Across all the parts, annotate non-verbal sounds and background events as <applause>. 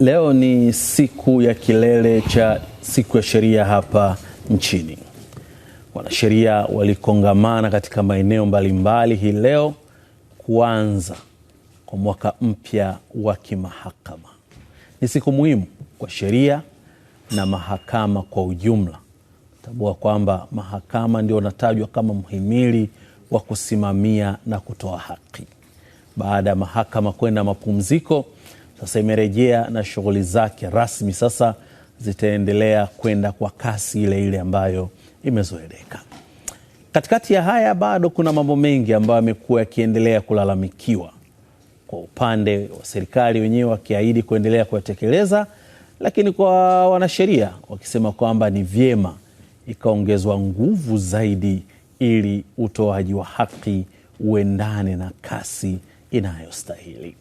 Leo ni siku ya kilele cha siku ya sheria hapa nchini. Wanasheria walikongamana katika maeneo mbalimbali hii leo kuanza kwa mwaka mpya wa kimahakama. Ni siku muhimu kwa sheria na mahakama kwa ujumla, tambua kwamba mahakama ndio wanatajwa kama mhimili wa kusimamia na kutoa haki. Baada ya mahakama kwenda mapumziko sasa imerejea na shughuli zake rasmi, sasa zitaendelea kwenda kwa kasi ile ile ambayo imezoeleka. Katikati ya haya, bado kuna mambo mengi ambayo yamekuwa yakiendelea kulalamikiwa kwa upande wa serikali wenyewe wakiahidi kuendelea kuyatekeleza, lakini kwa wanasheria wakisema kwamba ni vyema ikaongezwa nguvu zaidi ili utoaji wa haki uendane na kasi inayostahili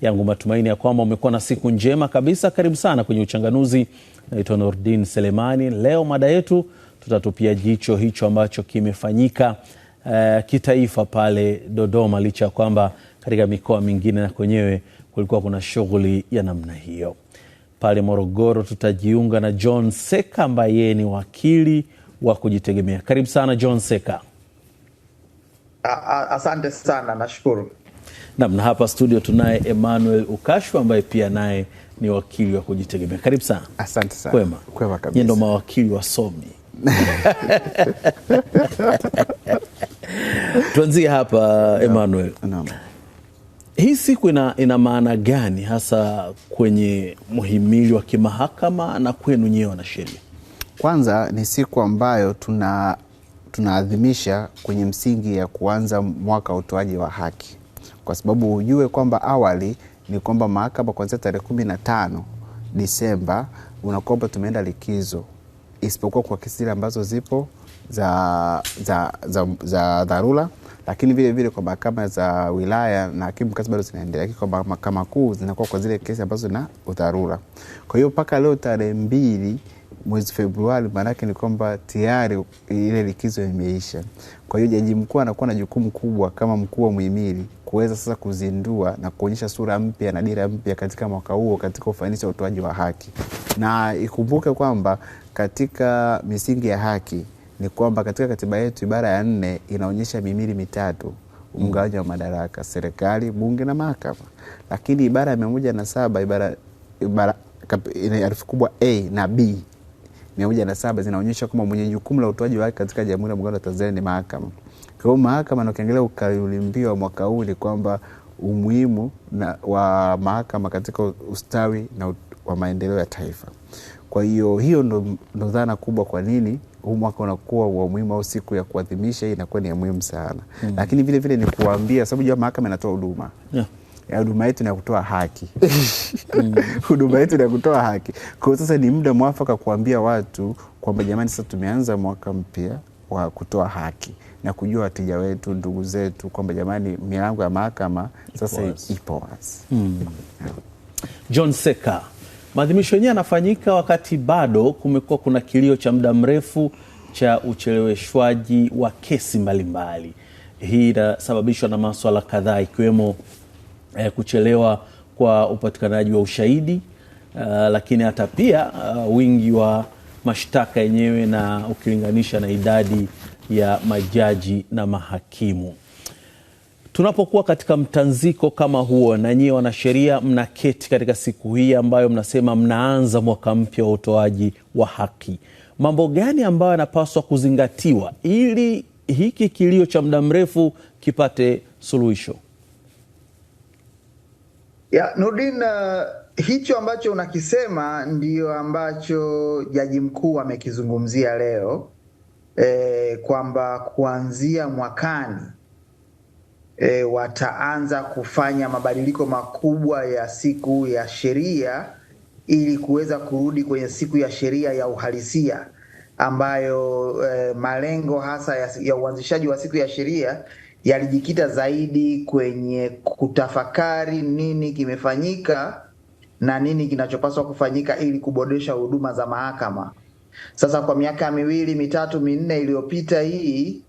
yangu matumaini ya kwamba umekuwa na siku njema kabisa. Karibu sana kwenye Uchanganuzi. Naitwa Nordin Selemani. Leo mada yetu tutatupia jicho hicho ambacho kimefanyika uh, kitaifa pale Dodoma, licha ya kwamba katika mikoa mingine na kwenyewe kulikuwa kuna shughuli ya namna hiyo. Pale Morogoro tutajiunga na John Seka ambaye yeye ni wakili wa kujitegemea. Karibu sana John Seka. Asante sana, nashukuru. Nam, na hapa studio tunaye Emmanuel Ukashwa ambaye pia naye ni wakili wa kujitegemea. Karibu sana. Asante sana. Kwema. Kwema kabisa. Ndo mawakili wasomi. <laughs> Tuanzie hapa Emmanuel. Naam. Hii siku ina, ina maana gani hasa kwenye muhimili wa kimahakama na kwenu nyewe wanasheria? Kwanza ni siku ambayo tuna tunaadhimisha kwenye msingi ya kuanza mwaka wa utoaji wa haki kwa sababu ujue kwamba awali ni kwamba mahakama kuanzia tarehe kumi na tano Disemba unakuomba tumeenda likizo, isipokuwa kwa kesi zile ambazo zipo za, za, za, za dharura, lakini vile vile kwa mahakama za wilaya na hakimu kazi bado zinaendelea, lakini kwa mahakama kuu zinakuwa kwa zile kesi ambazo zina udharura. Kwa hiyo mpaka leo tarehe mbili mwezi Februari, maanake ni kwamba tayari ile likizo imeisha. Kwa hiyo jaji mkuu anakuwa na jukumu kubwa kama mkuu wa muhimili kuweza sasa kuzindua na kuonyesha sura mpya na dira mpya katika mwaka huo katika ufanisi wa utoaji wa haki. Na ikumbuke kwamba katika misingi ya haki ni kwamba katika katiba yetu ibara ya nne inaonyesha mimiri mitatu mgawanyo wa madaraka serikali, bunge na mahakama. Lakini ibara ya mia moja na saba ibara, ibara herufi kubwa a na b mia moja na saba zinaonyesha kwamba mwenye jukumu la utoaji wa haki katika Jamhuri ya Muungano wa Tanzania ni mahakama. Kwa hiyo mahakama, na ukiangalia ukauli mbiu wa mwaka huu ni kwamba umuhimu na, wa mahakama katika ustawi na wa maendeleo ya taifa. Kwa hiyo hiyo ndo, ndo dhana kubwa, kwa nini huu mwaka unakuwa wa muhimu au siku ya kuadhimisha hii inakuwa ni ya muhimu sana hmm. Lakini vile vile ni kuambia sababu jua mahakama inatoa huduma yeah huduma yetu ni ya kutoa haki <laughs> hmm. huduma yetu ni ya kutoa haki. Kwa hiyo sasa ni muda mwafaka kuambia watu kwamba jamani, sasa tumeanza mwaka mpya wa kutoa haki na kujua wateja wetu, ndugu zetu, kwamba jamani, milango ya mahakama sasa ipo wazi. Mm. John Seka, maadhimisho yenyewe yanafanyika wakati bado kumekuwa kuna kilio cha muda mrefu cha ucheleweshwaji wa kesi mbalimbali. Hii inasababishwa na maswala kadhaa ikiwemo eh, kuchelewa kwa upatikanaji wa ushahidi uh, lakini hata pia uh, wingi wa mashtaka yenyewe na ukilinganisha na idadi ya majaji na mahakimu. Tunapokuwa katika mtanziko kama huo, na nyie wanasheria mnaketi katika siku hii ambayo mnasema mnaanza mwaka mpya wa utoaji wa haki, mambo gani ambayo yanapaswa kuzingatiwa ili hiki kilio cha muda mrefu kipate suluhisho? Yeah, Nurdin, uh hicho ambacho unakisema ndiyo ambacho jaji mkuu amekizungumzia leo e, kwamba kuanzia mwakani e, wataanza kufanya mabadiliko makubwa ya siku ya sheria ili kuweza kurudi kwenye siku ya sheria ya uhalisia ambayo e, malengo hasa ya, ya uanzishaji wa siku ya sheria yalijikita zaidi kwenye kutafakari nini kimefanyika na nini kinachopaswa kufanyika ili kuboresha huduma za mahakama. Sasa kwa miaka miwili mitatu minne iliyopita hii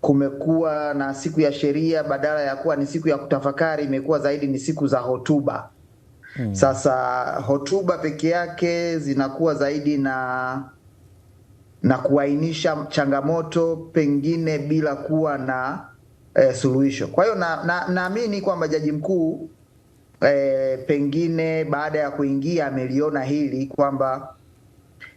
kumekuwa na siku ya sheria, badala ya kuwa ni siku ya kutafakari, imekuwa zaidi ni siku za hotuba. Hmm. Sasa hotuba peke yake zinakuwa zaidi na na kuainisha changamoto pengine bila kuwa na e, suluhisho. Kwa hiyo naamini na, na kwamba jaji mkuu e, pengine baada ya kuingia ameliona hili kwamba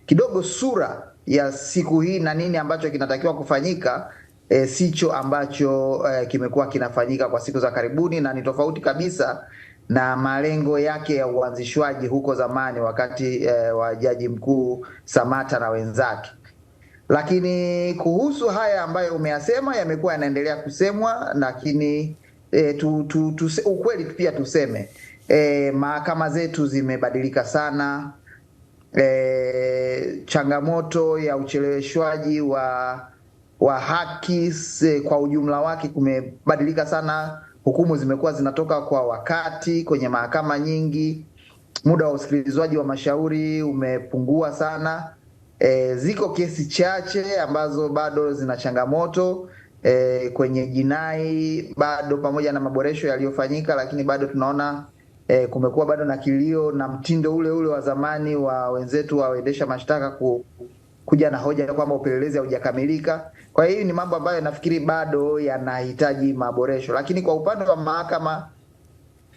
kidogo sura ya siku hii na nini ambacho kinatakiwa kufanyika e, sicho ambacho e, kimekuwa kinafanyika kwa siku za karibuni, na ni tofauti kabisa na malengo yake ya uanzishwaji huko zamani wakati e, wa Jaji Mkuu Samata na wenzake. Lakini kuhusu haya ambayo umeyasema, yamekuwa yanaendelea kusemwa, lakini e, tu, tu, tu, ukweli pia tuseme e, mahakama zetu zimebadilika sana e, changamoto ya ucheleweshwaji wa wa haki se, kwa ujumla wake kumebadilika sana. Hukumu zimekuwa zinatoka kwa wakati kwenye mahakama nyingi, muda wa usikilizwaji wa mashauri umepungua sana. E, ziko kesi chache ambazo bado zina changamoto e, kwenye jinai bado pamoja na maboresho yaliyofanyika, lakini bado tunaona e, kumekuwa bado na kilio na mtindo ule ule wa zamani wa wenzetu waendesha mashtaka ku, kuja na hoja kwamba upelelezi haujakamilika. Kwa hiyo ni mambo ambayo nafikiri bado yanahitaji maboresho, lakini kwa upande wa mahakama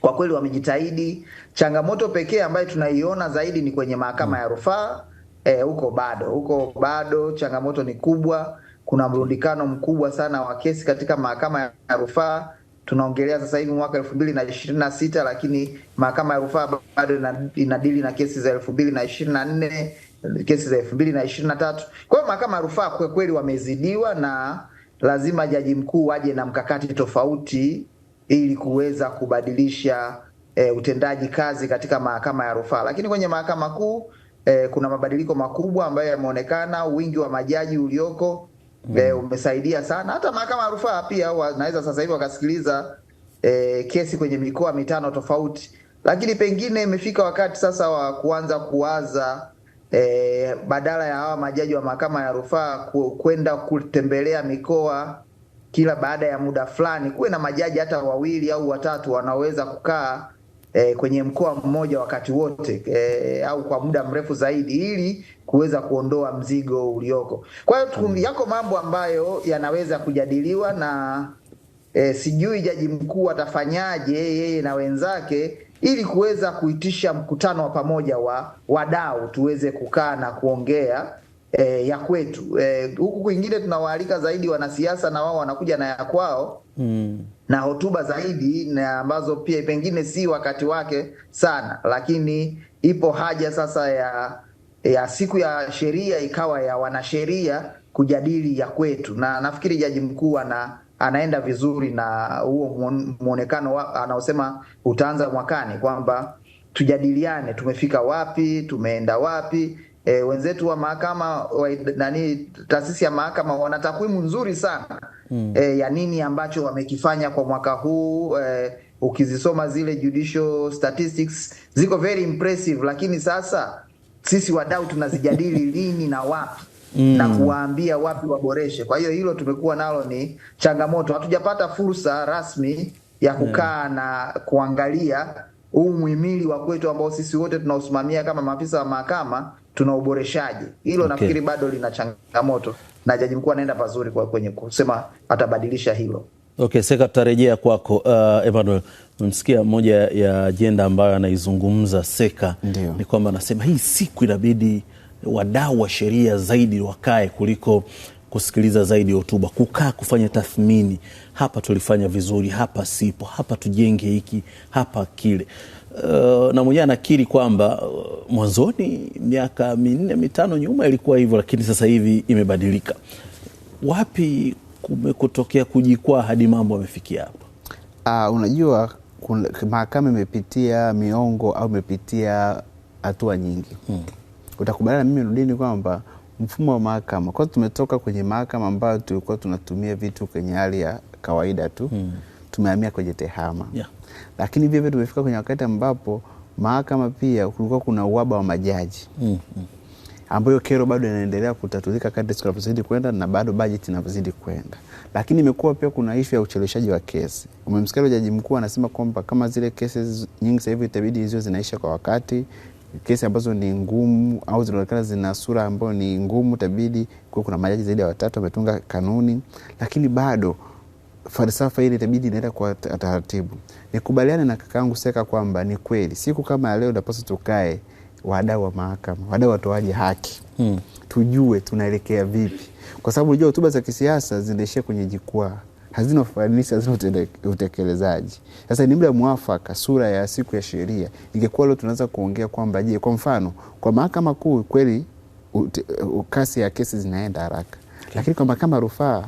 kwa kweli wamejitahidi. Changamoto pekee ambayo tunaiona zaidi ni kwenye mahakama ya rufaa e, huko e, bado huko bado changamoto ni kubwa kuna mrundikano mkubwa sana wa kesi katika mahakama ya rufaa. Tunaongelea sasa hivi mwaka elfu mbili na ishirini na sita lakini mahakama ya rufaa bado inadili na kesi za elfu mbili na ishirini na nne kesi za elfu mbili na ishirini na tatu Kwa hiyo mahakama ya rufaa kwa kweli wamezidiwa, na lazima jaji mkuu aje na mkakati tofauti ili kuweza kubadilisha e, utendaji kazi katika mahakama ya rufaa. Lakini kwenye mahakama kuu e, kuna mabadiliko makubwa ambayo yameonekana, wingi wa majaji ulioko mm. umesaidia sana. Hata mahakama ya rufaa pia wanaweza sasa hivi wakasikiliza eh, kesi kwenye mikoa mitano tofauti, lakini pengine imefika wakati sasa wa kuanza kuwaza e, badala ya hawa majaji wa mahakama ya rufaa kwenda kutembelea mikoa kila baada ya muda fulani, kuwe na majaji hata wawili au watatu wanaweza kukaa e, kwenye mkoa mmoja wakati wote e, au kwa muda mrefu zaidi ili kuweza kuondoa mzigo ulioko. Kwa hiyo mm. yako mambo ambayo yanaweza kujadiliwa na e, sijui jaji mkuu atafanyaje yeye na wenzake ili kuweza kuitisha mkutano wa pamoja wa wadau tuweze kukaa na kuongea e, ya kwetu e, huku kwingine tunawaalika zaidi wanasiasa na wao wanakuja na ya kwao mm. na hotuba zaidi na ambazo pia pengine si wakati wake sana, lakini ipo haja sasa ya ya siku ya sheria ikawa ya wanasheria kujadili ya kwetu, na nafikiri jaji mkuu ana anaenda vizuri na huo mwonekano anaosema utaanza mwakani kwamba tujadiliane tumefika wapi, tumeenda wapi, e, wenzetu wa mahakama wa, nani taasisi ya mahakama wana takwimu nzuri sana mm. e, ya nini ambacho wamekifanya kwa mwaka huu e, ukizisoma zile judicial statistics ziko very impressive, lakini sasa sisi wadau tunazijadili <laughs> lini na wapi mm. na kuwaambia wapi waboreshe. Kwa hiyo hilo tumekuwa nalo ni changamoto, hatujapata fursa rasmi ya hmm. kukaa yeah. na kuangalia huu muhimili wa kwetu ambao sisi wote tunaosimamia kama maafisa wa mahakama tuna uboreshaji hilo. Okay. Nafikiri bado lina changamoto na jaji mkuu anaenda pazuri kwa kwenye kusema atabadilisha hilo. Okay, Seka, tutarejea kwako. Uh, Emmanuel, umemsikia moja ya ajenda ambayo anaizungumza Seka Ndiyo. ni kwamba anasema hii siku inabidi wadau wa sheria zaidi wakae kuliko kusikiliza zaidi hotuba, kukaa kufanya tathmini, hapa tulifanya vizuri, hapa sipo, hapa tujenge hiki, hapa kile. Uh, na mwenyewe anakiri kwamba uh, mwanzoni miaka minne mitano nyuma ilikuwa hivyo, lakini sasa hivi imebadilika. Wapi kumekutokea kujikwaa hadi mambo amefikia hapa? Uh, unajua mahakama imepitia miongo au imepitia hatua nyingi hmm. Utakubaliana mimi rudini kwamba mfumo wa mahakama kwanza, tumetoka kwenye mahakama ambayo tulikuwa tunatumia vitu kwenye hali ya kawaida tu hmm. Tumehamia kwenye tehama yeah lakini vile tumefika kwenye wakati ambapo mahakama pia kulikuwa kuna uhaba wa majaji mm -hmm. ambayo kero bado inaendelea kutatulika kadri siku inavyozidi kwenda na bado bajeti inavyozidi kwenda, lakini imekuwa pia kuna ishu ya ucheleweshaji wa kesi. Umemsikia jaji mkuu anasema kwamba kama zile kesi nyingi sasa hivi itabidi hizo zinaisha kwa wakati kesi ambazo ni ngumu au zinaonekana zina sura ambayo ni ngumu, itabidi kuwe kuna majaji zaidi ya watatu wametunga kanuni, lakini bado falsafa hili itabidi inaenda kwa taratibu. Nikubaliane na kakaangu Seka kwamba ni kweli siku kama ya leo napaswa tukae wadau wa mahakama, wadau watoaji haki hmm. Tujue tunaelekea vipi, kwa sababu unajua hotuba za kisiasa zinaishia kwenye jukwaa, hazina ufanisi, hazina utekelezaji. Sasa ni muda mwafaka, sura ya siku ya sheria ingekuwa leo, tunaweza kuongea kwamba je, kwa mfano kwa mahakama kuu kweli kasi ya kesi zinaenda haraka, lakini kwa mahakama rufaa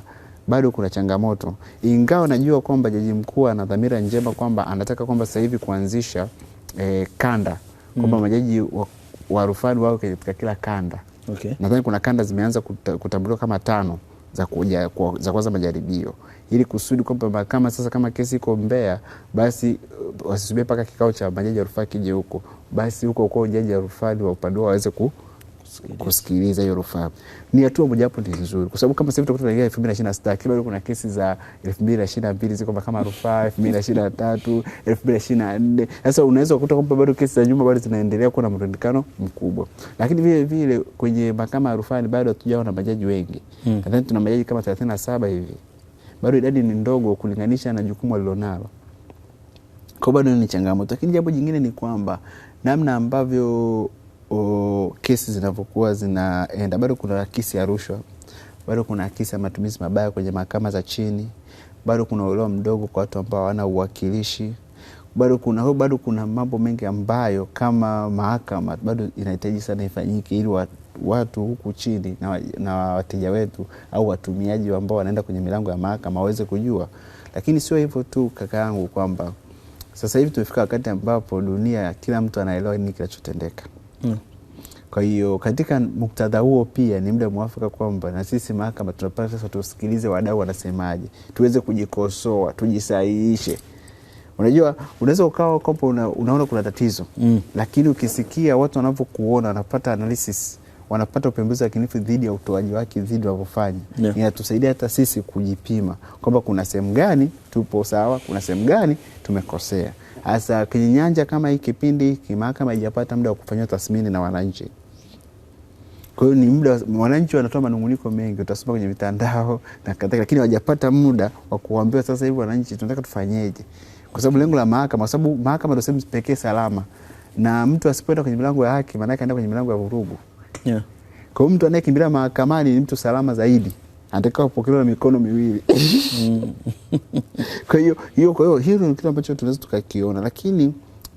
bado kuna changamoto, ingawa najua kwamba jaji mkuu ana dhamira njema kwamba anataka kwamba sasa hivi kuanzisha eh, kanda kwamba mm. majaji wa, wa rufani wao katika kila kanda okay. Nadhani kuna kanda zimeanza kutambuliwa kama tano za kuja, za kwanza majaribio ili kusudi kwamba mahakama sasa kama kesi iko Mbeya basi uh, wasisubiri mpaka kikao cha majaji ya rufaa kije huko, basi huko kwa jaji ya rufani wa upande wao waweze ku kusikiliza hiyo rufaa. Ni hatua mojawapo ni nzuri, kwa sababu kama sasa kuna kesi za 2022 ziko kama rufaa Sasa unaweza kukuta kwamba bado kesi za nyuma bado zinaendelea kuwa na mrundikano mkubwa, lakini vile vile kwenye mahakama ya rufaa bado hatujawa na majaji wengi hmm. Nadhani tuna majaji kama hivi, bado idadi ni ndogo kulinganisha na jukumu kwa bado ni changamoto, lakini jambo jingine ni kwamba namna ambavyo o, kesi zinavyokuwa zinaenda, bado kuna kesi ya rushwa, bado kuna kesi ya matumizi mabaya kwenye mahakama za chini, bado kuna uelewa mdogo kwa watu ambao hawana uwakilishi bado kuna bado kuna mambo mengi ambayo kama mahakama bado inahitaji sana ifanyike, ili watu huku chini na, na wateja wetu au watumiaji ambao wanaenda kwenye milango ya mahakama waweze kujua. Lakini sio hivyo tu kaka yangu, kwamba sasa hivi tumefika wakati ambapo dunia kila mtu anaelewa nini kinachotendeka. Mm. Kwa hiyo katika muktadha huo pia ni muda mwafaka kwamba na sisi mahakama tunapata sasa, tusikilize wadau wanasemaje, tuweze kujikosoa, tujisahihishe. Unajua, unaweza ukawa kwamba una, unaona kuna tatizo mm. lakini ukisikia watu wanavyokuona wanapata analysis wanapata upembuzi wa kinifu dhidi ya utoaji wake dhidi wanavyofanya yeah. Inatusaidia hata sisi kujipima kwamba kuna sehemu gani tupo sawa, kuna sehemu gani tumekosea. Sasa kinyanja kama hii kipindi kimahakama haijapata muda wa kufanya tathmini na wananchi. Kwa hiyo ni muda wananchi wanatoa manunguniko mengi, utasoma kwenye mitandao <laughs> na kadhalika, lakini hawajapata muda wa kuambiwa sasa hivi wananchi tunataka tufanyeje, kwa sababu lengo la mahakama, kwa sababu mahakama ndio sehemu pekee salama, na mtu asipoenda kwenye milango ya haki, maanake anaenda kwenye milango ya vurugu yeah. Kwa hiyo mtu anayekimbilia mahakamani ni mtu salama zaidi anataka kupokelewa na mikono miwili <laughs> kwa hiyo hiyo, kwa hiyo hilo ni kitu ambacho tunaweza tukakiona, lakini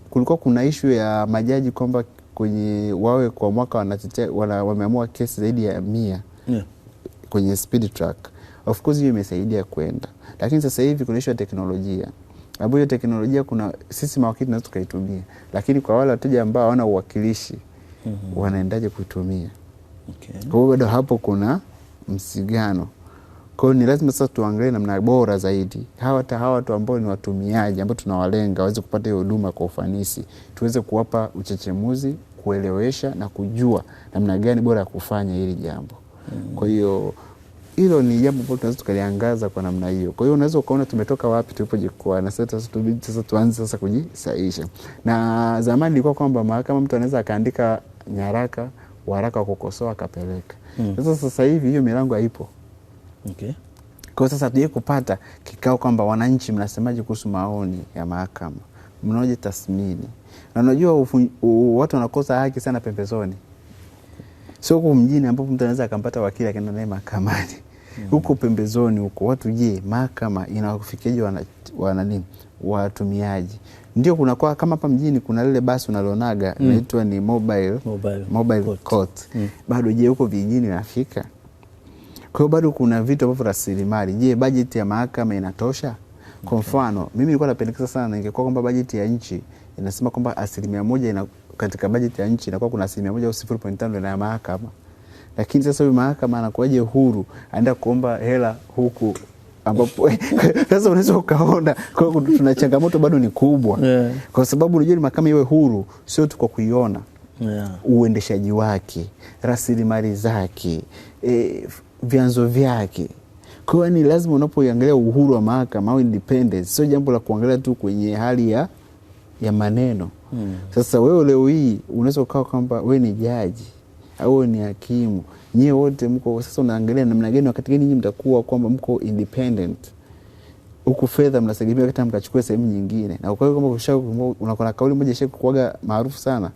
kulikuwa kuna ishu ya majaji kwamba kwenye wawe kwa mwaka wanatetea wana, wameamua kesi zaidi ya mia yeah. kwenye speed track of course hiyo imesaidia kwenda, lakini sasa hivi kuna ishu ya teknolojia ambayo hiyo teknolojia kuna sisi mawakili tunaweza tukaitumia, lakini kwa wale wateja ambao hawana uwakilishi mm -hmm. wanaendaje kuitumia? okay. kwa hiyo bado hapo kuna msigano. Kwa hiyo ni lazima sasa tuangalie namna bora zaidi hawa hawa watu ambao ni watumiaji ambao tunawalenga waweze kupata hiyo huduma kwa ufanisi, tuweze kuwapa uchechemuzi, kuelewesha na kujua namna gani bora ya kufanya hili jambo mm. Kwa hiyo hilo ni jambo ambalo tunaweza tukaliangaza kwa namna hiyo. Kwa hiyo unaweza ukaona tumetoka wapi tulipo jikwa, na sasa tubidi sasa tuanze sasa kujisaisha. Na zamani ilikuwa kwamba mahakama mtu anaweza akaandika nyaraka waraka wa kukosoa akapeleka. Hmm. Sasa mm. sasa hivi hiyo milango haipo. Okay. Kwa sasa tuje kupata kikao kwamba wananchi mnasemaje kuhusu maoni ya mahakama, mnaoje tathmini, na unajua watu wanakosa haki sana pembezoni, sio huku mjini ambapo mtu anaweza akampata wakili akaenda naye mahakamani hmm. huko pembezoni huko watu, je, mahakama inawafikiaje wana, wana nini watumiaji? ndio kunakuwa kama hapa mjini kuna lile basi unalionaga mm. inaitwa mm. ni mobile, mobile, mobile court, court. Mm. Bado je, huko vijijini nafika? Kwa hiyo bado kuna vitu ambavyo rasilimali. Je, bajeti ya mahakama inatosha? Kwa mfano okay. mimi nilikuwa napendekeza sana, ningekuwa kwamba bajeti ya nchi inasema kwamba asilimia moja ina, katika bajeti ya nchi inakuwa kuna asilimia moja au sifuri point tano ina ya mahakama, lakini sasa huyu mahakama anakuwaje huru, anaenda kuomba hela huku ambapo <laughs> sasa unaweza ukaona tuna changamoto bado ni kubwa yeah. Kwa sababu unajua ni mahakama iwe huru sio tu kwa kuiona yeah. Uendeshaji wake, rasilimali zake, e, vyanzo vyake kwa ni lazima unapoiangalia uhuru wa mahakama au independence, sio jambo la kuangalia tu kwenye hali ya, ya maneno mm. Sasa wewe leo hii unaweza ukawa kwamba wewe ni jaji au ni hakimu nyie wote mko sasa, unaangalia namna gani, wakati gani nyinyi mtakuwa kwamba mko independent huku fedha mnasegemea kata mkachukua sehemu nyingine. Na kwa hiyo kama unakuwa na kauli moja kuaga maarufu sana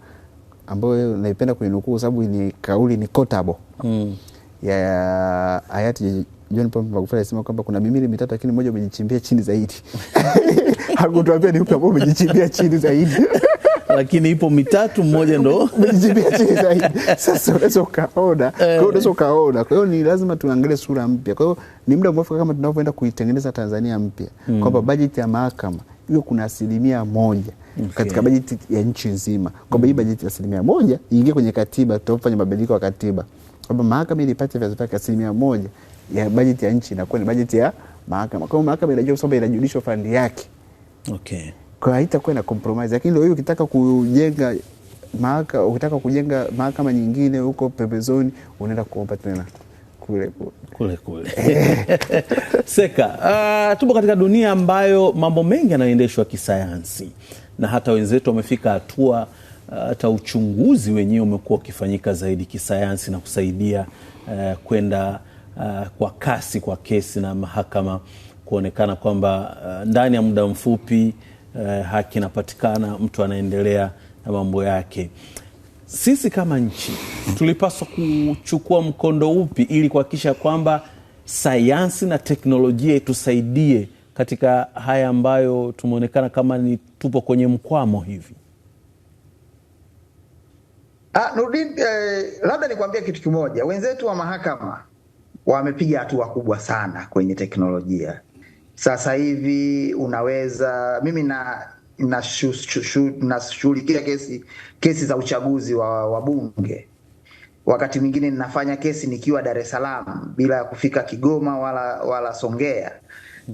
ambayo naipenda kuinukuu kwa sababu ni kauli ni kotabo mm. ya hayati John Pombe Magufuli alisema kwamba kuna mimili mitatu lakini moja umejichimbia chini zaidi. <laughs> Hakutuambia ni upi ambao umejichimbia chini zaidi lakini ipo mitatu, mmoja ndo <laughs> sasa unaweza ukaona, unaweza eh. ukaona. Kwa hiyo ni lazima tuangalie sura mpya. Kwa hiyo ni muda mwafaka kama tunavyoenda kuitengeneza Tanzania mpya mm. kwamba bajeti ya mahakama hiyo kuna asilimia moja Okay. Katika bajeti ya nchi nzima kwamba hii hmm. bajeti ya asilimia moja iingie kwenye katiba, tutafanya mabadiliko ya katiba kwamba mahakama ili ipate vyazo vyake asilimia moja ya bajeti ya nchi inakuwa ni bajeti ya mahakama. Kwa hiyo mahakama inajua kwamba ina judicial fund yake okay. Kwa hiyo haitakuwa na compromise, lakini leo hii ukitaka kujenga mahakama, ukitaka kujenga mahakama nyingine huko pembezoni, unaenda kuomba tena kule kule kule <laughs> Seka. Uh, tupo katika dunia ambayo mambo mengi yanaendeshwa kisayansi na hata wenzetu wamefika hatua ah, hata uchunguzi wenyewe umekuwa ukifanyika zaidi kisayansi na kusaidia uh, kwenda uh, kwa kasi kwa kesi na mahakama kuonekana kwamba uh, ndani ya muda mfupi eh, haki inapatikana, mtu anaendelea na mambo yake. Sisi kama nchi tulipaswa kuchukua mkondo upi ili kuhakikisha kwamba sayansi na teknolojia itusaidie katika haya ambayo tumeonekana kama ni tupo kwenye mkwamo hivi? Ah, Nurdin, eh, labda nikuambia kitu kimoja. Wenzetu wa mahakama wamepiga hatua kubwa sana kwenye teknolojia sasa hivi unaweza mimi na nashughulikia kesi kesi za uchaguzi wa wabunge. Wakati mwingine ninafanya kesi nikiwa Dar es Salaam bila ya kufika Kigoma wala wala Songea,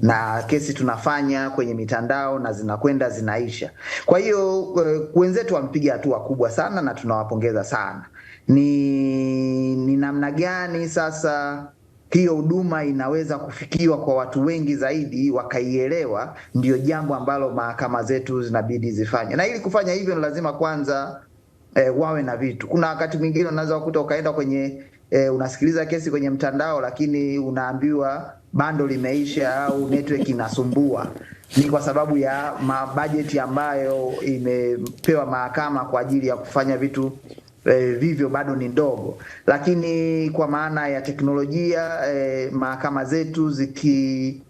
na kesi tunafanya kwenye mitandao na zinakwenda zinaisha. Kwa hiyo eh, wenzetu wamepiga hatua kubwa sana na tunawapongeza sana. Ni ni namna gani sasa hiyo huduma inaweza kufikiwa kwa watu wengi zaidi wakaielewa, ndio jambo ambalo mahakama zetu zinabidi zifanye, na ili kufanya hivyo ni lazima kwanza e, wawe na vitu. Kuna wakati mwingine unaweza kukuta ukaenda kwenye e, unasikiliza kesi kwenye mtandao, lakini unaambiwa bando limeisha au network inasumbua. Ni kwa sababu ya mabajeti ambayo imepewa mahakama kwa ajili ya kufanya vitu eh, vivyo bado ni ndogo, lakini kwa maana ya teknolojia eh, mahakama zetu zikiweza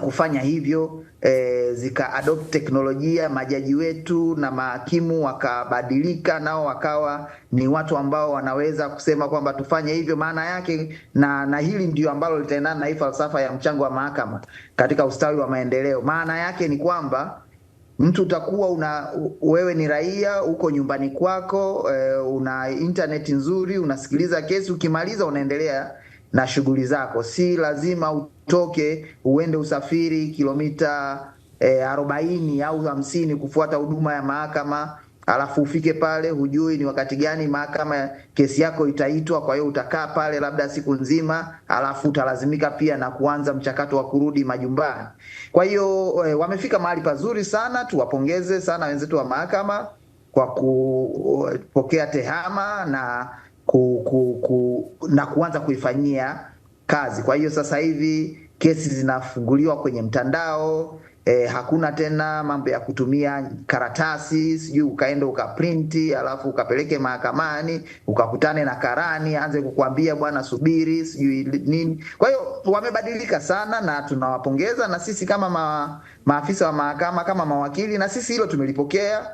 kufanya hivyo E, zika adopt teknolojia, majaji wetu na mahakimu wakabadilika, nao wakawa ni watu ambao wanaweza kusema kwamba tufanye hivyo, maana yake na, na hili ndio ambalo litaendana na hii falsafa ya mchango wa mahakama katika ustawi wa maendeleo. Maana yake ni kwamba mtu utakuwa una wewe ni raia uko nyumbani kwako, e, una intaneti nzuri, unasikiliza kesi, ukimaliza unaendelea na shughuli zako, si lazima utoke uende usafiri kilomita eh, arobaini e, au hamsini kufuata huduma ya mahakama alafu ufike pale, hujui ni wakati gani mahakama kesi yako itaitwa. Kwa hiyo utakaa pale labda siku nzima, alafu utalazimika pia na kuanza mchakato wa kurudi majumbani. Kwa hiyo eh, wamefika mahali pazuri sana, tuwapongeze sana wenzetu wa mahakama kwa kupokea eh, tehama na, ku, ku, ku, na kuanza kuifanyia kazi. Kwa hiyo sasa hivi kesi zinafunguliwa kwenye mtandao E, hakuna tena mambo ya kutumia karatasi sijui ukaenda ukaprinti alafu ukapeleke mahakamani ukakutane na karani anze kukwambia bwana subiri sijui nini. Kwa hiyo wamebadilika sana na tunawapongeza, na sisi kama ma, maafisa wa mahakama kama mawakili, na sisi hilo tumelipokea.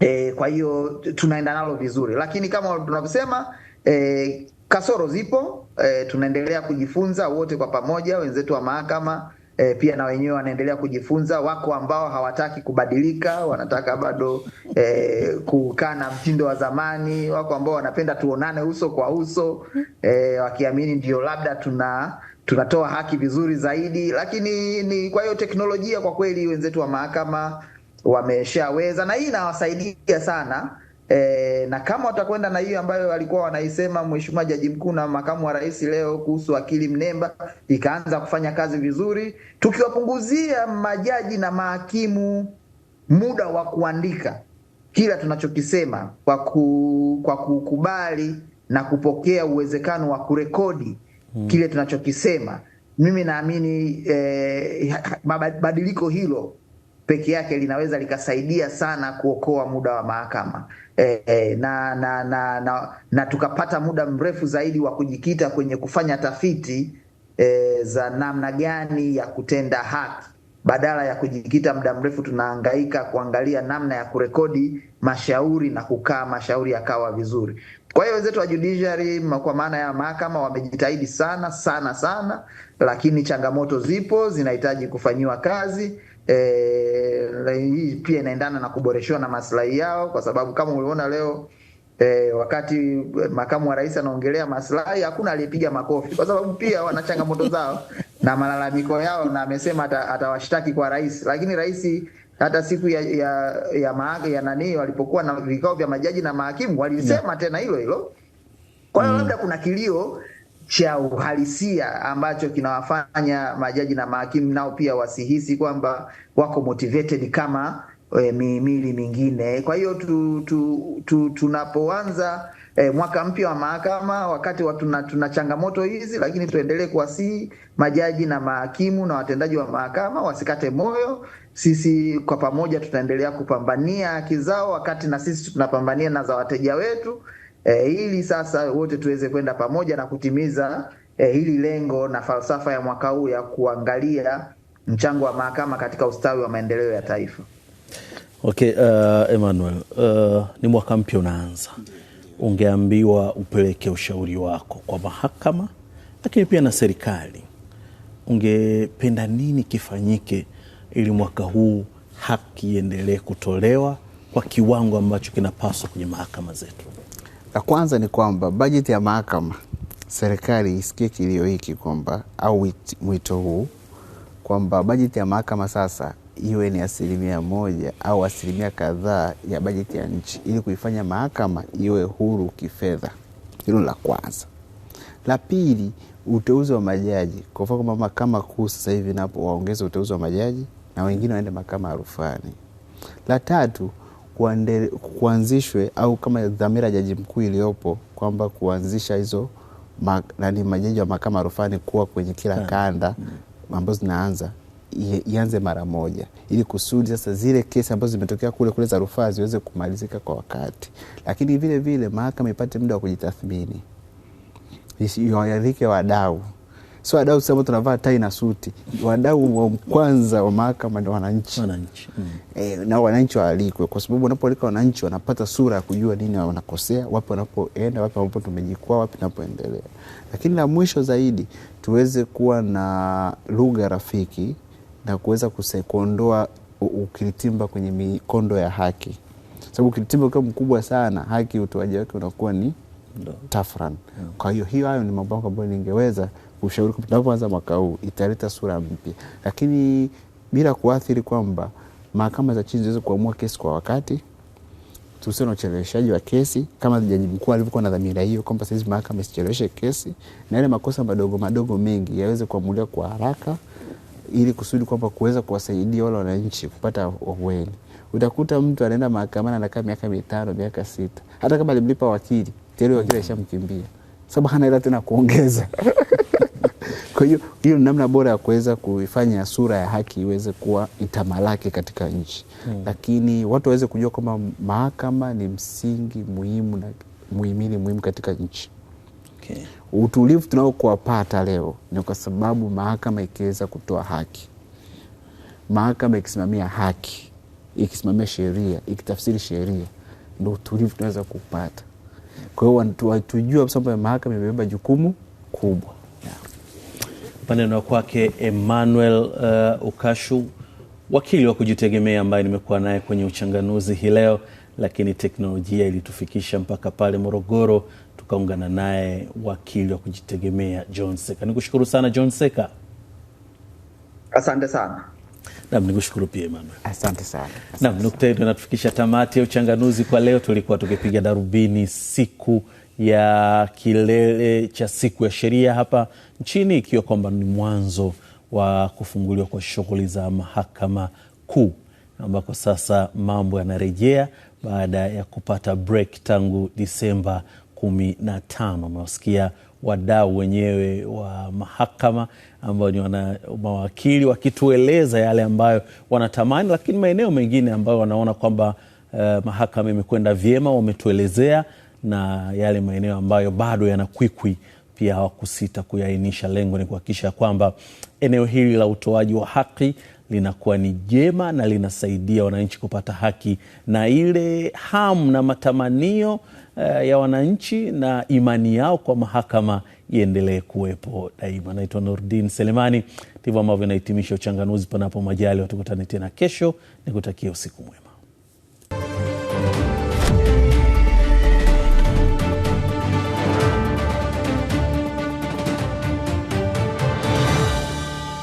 E, kwa hiyo tunaenda nalo vizuri, lakini kama tunavyosema e, kasoro zipo e, tunaendelea kujifunza wote kwa pamoja, wenzetu wa mahakama e, pia na wenyewe wanaendelea kujifunza. Wako ambao hawataki kubadilika, wanataka bado e, kukaa na mtindo wa zamani. Wako ambao wanapenda tuonane uso kwa uso e, wakiamini ndio labda tuna tunatoa haki vizuri zaidi. Lakini ni kwa hiyo teknolojia, kwa kweli wenzetu wa mahakama wameshaweza, na hii inawasaidia sana E, na kama watakwenda na hiyo ambayo walikuwa wanaisema Mheshimiwa Jaji Mkuu na Makamu wa Rais leo kuhusu akili mnemba ikaanza kufanya kazi vizuri, tukiwapunguzia majaji na mahakimu muda wa kuandika kila tunachokisema kwa, ku, kwa kukubali na kupokea uwezekano wa kurekodi hmm, kile tunachokisema mimi naamini eh, badiliko hilo peke yake linaweza likasaidia sana kuokoa muda wa mahakama e, e, na, na, na, na, na tukapata muda mrefu zaidi wa kujikita kwenye kufanya tafiti e, za namna gani ya kutenda haki badala ya kujikita muda mrefu tunahangaika kuangalia namna ya kurekodi mashauri na kukaa mashauri yakawa vizuri. Kwa hiyo wenzetu wa judiciary kwa maana ya mahakama wamejitahidi sana sana sana, lakini changamoto zipo, zinahitaji kufanyiwa kazi e, hii pia inaendana na kuboreshwa na maslahi yao, kwa sababu kama uliona leo e, wakati makamu wa rais anaongelea maslahi, hakuna aliyepiga makofi, kwa sababu pia wana changamoto zao na malalamiko yao, na amesema atawashtaki kwa rais, lakini rais hata siku ya ya, ya, maaka, ya nani walipokuwa na vikao vya majaji na mahakimu walisema yeah, tena hilo hilo. Kwa hiyo mm, labda kuna kilio cha uhalisia ambacho kinawafanya majaji na mahakimu nao pia wasihisi kwamba wako motivated kama e, mihimili mingine. Kwa hiyo tu, tu, tu, tunapoanza e, mwaka mpya wa mahakama wakati wa tuna, tuna changamoto hizi, lakini tuendelee kuwasihi majaji na mahakimu na watendaji wa mahakama wasikate moyo. Sisi kwa pamoja tutaendelea kupambania haki zao, wakati na sisi tunapambania na za wateja wetu e, ili sasa wote tuweze kwenda pamoja na kutimiza e, hili lengo na falsafa ya mwaka huu ya kuangalia mchango wa mahakama katika ustawi wa maendeleo ya taifa. Okay, uh, Emmanuel, uh, ni mwaka mpya unaanza, ungeambiwa upeleke ushauri wako kwa mahakama lakini pia na serikali, ungependa nini kifanyike ili mwaka huu haki iendelee kutolewa kwa kiwango ambacho kinapaswa kwenye mahakama zetu? La kwanza ni kwamba bajeti ya mahakama, serikali isikie kilio hiki kwamba au mwito huu kwamba bajeti ya mahakama sasa iwe ni asilimia moja au asilimia kadhaa ya bajeti ya nchi ili kuifanya mahakama iwe huru kifedha. Hilo la kwanza. La pili, uteuzi wa majaji. Kwa mfano kama mahakama kuu sasa hivi napo waongeze uteuzi wa majaji na wengine waende mahakama ya rufani. La tatu kuanzishwe au kama dhamira jaji mkuu iliyopo kwamba kuanzisha hizo ma, nani majaji wa mahakama rufani kuwa kwenye kila kanda ambazo zinaanza ianze mara moja, ili kusudi sasa zile kesi ambazo zimetokea kule kule za rufaa ziweze kumalizika kwa wakati, lakini vile vile mahakama ipate muda wa kujitathmini, iwaalike wadau so wadau sisi tunavaa tai na suti, wadau wa kwanza wa mahakama ni wananchi, wananchi. Mm. E, na wananchi waalikwe, kwa sababu unapoalika wananchi wanapata sura ya kujua nini wanakosea, wapi wanapoenda, wapi ambapo tumejikwaa, wapi tunapoendelea. Lakini la mwisho zaidi, tuweze kuwa na lugha rafiki na kuweza kuondoa ukiritimba kwenye mikondo ya haki, sababu ukiritimba ukiwa mkubwa sana, haki utoaji wake unakuwa ni tafran. Mm. Kwa hiyo hiyo, hayo ni mambo ambayo ningeweza ushauri tunapoanza mwaka huu italeta sura mpya, lakini bila kuathiri kwamba mahakama za chini ziweze kuamua kesi kwa wakati, tusiwe na ucheleweshaji wa kesi kama jaji mkuu alivyokuwa na dhamira hiyo kwamba sahizi mahakama isicheleweshe kesi, na yale makosa madogo madogo mengi yaweze kuamuliwa kwa haraka ili kusudi kwamba kuweza kuwasaidia wale wananchi kupata ahueni. Utakuta mtu anaenda mahakamani anakaa miaka mitano miaka sita, hata kama alimlipa wakili tayari wakili aishamkimbia sababu hana hela tena kuongeza <laughs> Kwa hiyo hiyo ni namna bora ya kuweza kuifanya sura ya haki iweze kuwa itamalaki katika nchi hmm. Lakini watu waweze kujua kwamba mahakama ni msingi muhimu na muhimili muhimu katika nchi okay. Utulivu tunaokuwapata leo ni kwa sababu mahakama ikiweza kutoa haki, mahakama ikisimamia haki, ikisimamia sheria, ikitafsiri sheria, ndo utulivu tunaweza kupata. Kwa hiyo tujua kwamba mahakama imebeba jukumu kubwa maneno ya kwake Emmanuel uh, Ukashu, wakili wa kujitegemea ambaye nimekuwa naye kwenye uchanganuzi hii leo, lakini teknolojia ilitufikisha mpaka pale Morogoro tukaungana naye wakili wa kujitegemea John Seka. Nikushukuru sana John Seka. Asante sana. Naam, nikushukuru pia Emmanuel. Asante sana. nam. nukta hiyo inatufikisha tamati ya uchanganuzi kwa leo. Tulikuwa tukipiga darubini siku ya kilele cha siku ya sheria hapa nchini ikiwa kwamba ni mwanzo wa kufunguliwa kwa shughuli za mahakama kuu ambako sasa mambo yanarejea baada ya kupata break tangu Disemba kumi na tano. Nawasikia wadau wenyewe wa mahakama ambao ni wana, mawakili wakitueleza yale ambayo wanatamani, lakini maeneo mengine ambayo wanaona kwamba uh, mahakama imekwenda vyema wametuelezea, na yale maeneo ambayo bado yanakwikwi pia hawakusita kuyainisha Lengo ni kuhakikisha kwamba eneo hili la utoaji wa haki linakuwa ni jema na linasaidia wananchi kupata haki na ile hamu na matamanio uh, ya wananchi na imani yao kwa mahakama iendelee kuwepo daima. Naitwa Nurdin Selemani. Ndivyo ambavyo inahitimisha uchanganuzi. Panapo majali watukutane tena kesho, nikutakia usiku mwema.